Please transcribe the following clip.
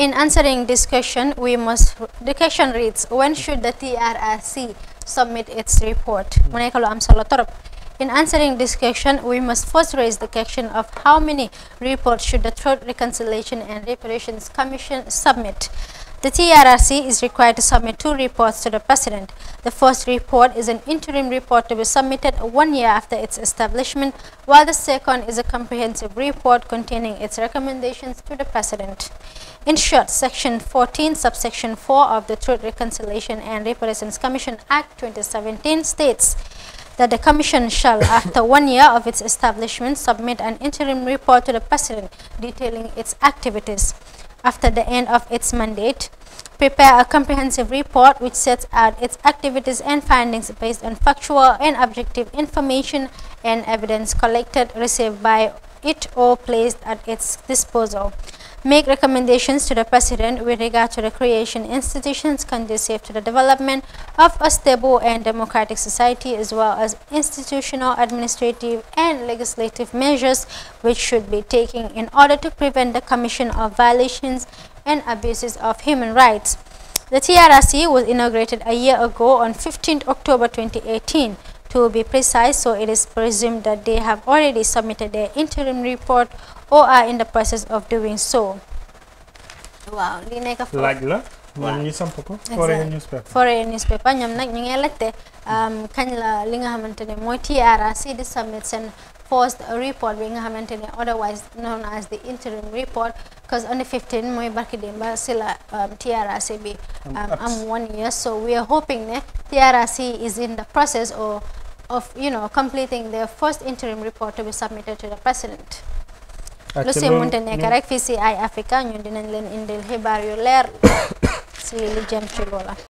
In answering this question, we must, the question reads, when should the TRRC submit its report? In answering this question, we must first raise the question of how many reports should the Truth Reconciliation and Reparations Commission submit. The TRRC is required to submit two reports to the President. The first report is an interim report to be submitted one year after its establishment, while the second is a comprehensive report containing its recommendations to the President. In short, Section 14, Subsection 4 of the Truth, Reconciliation and Reparations Commission Act 2017 states, that the Commission shall, after one year of its establishment, submit an interim report to the President detailing its activities after the end of its mandate, prepare a comprehensive report which sets out its activities and findings based on factual and objective information and evidence collected, received by it or placed at its disposal make recommendations to the President with regard to the creation institutions conducive to the development of a stable and democratic society as well as institutional, administrative and legislative measures which should be taken in order to prevent the commission of violations and abuses of human rights. The TRRC was inaugurated a year ago on 15 October 2018. To be precise, so it is presumed that they have already submitted their interim report or are in the process of doing so. waaw li nekk foofu laaj la ñoom ñi foreign newspaper foreign newspaper ñoom nag ñu ngi laajte um, kañ la report otherwise known as the interim report because on the 15 mooy barki démba si la um, TRRC bi um, am one year so we are hoping ne TRRC is in the process or of you know completing their first interim report to be submitted to the president. Lucy si mënta nekk rek fii si Eye Africa ñun dinañ leen Hebrew xibaar yu leer si lu jëm